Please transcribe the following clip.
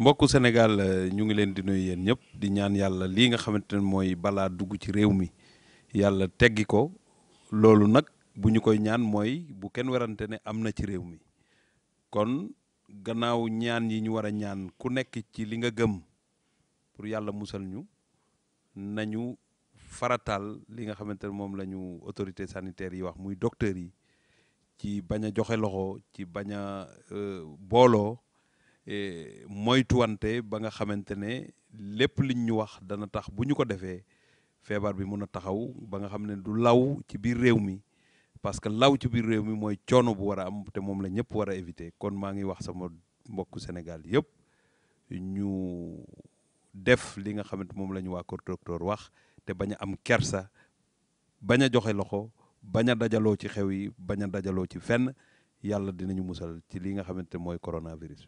mbokku Sénégal euh, ñu ngi leen di nuyu yéen ñëpp di ñaan yàlla lii nga xamante ne mooy balaa dugg ci réew mi yàlla teggi ko loolu nag bu ñu koy ñaan mooy bu kenn werante ne am na ci réew mi kon gannaaw ñaan yi ñu war a ñaan ku nekk ci li nga gëm pour yàlla musal ñu nañu farataal li nga xamante ne moom la ñu autorité sanitaire yi wax muy docteur yi ci bañ a joxe loxo ci bañ a euh, booloo Eh, moytuwante ba nga xamante ne lépp liñ ñu wax dana tax bu ñu ko defee feebar bi mun a taxaw ba nga xam ne du law ci biir réew mi parce que law ci biir réew mi mooy coono bu war a am te moom la ñëpp war a éviter kon maa ngi wax sama mbokku Sénégal yëpp ñu def li nga xamante moom la ñu waa Kër Docteur wax te bañ a am kersa bañ a joxe loxo bañ a dajaloo ci xew yi bañ a dajaloo ci fenn yàlla dinañu musal ci li nga xamante mooy coronavirus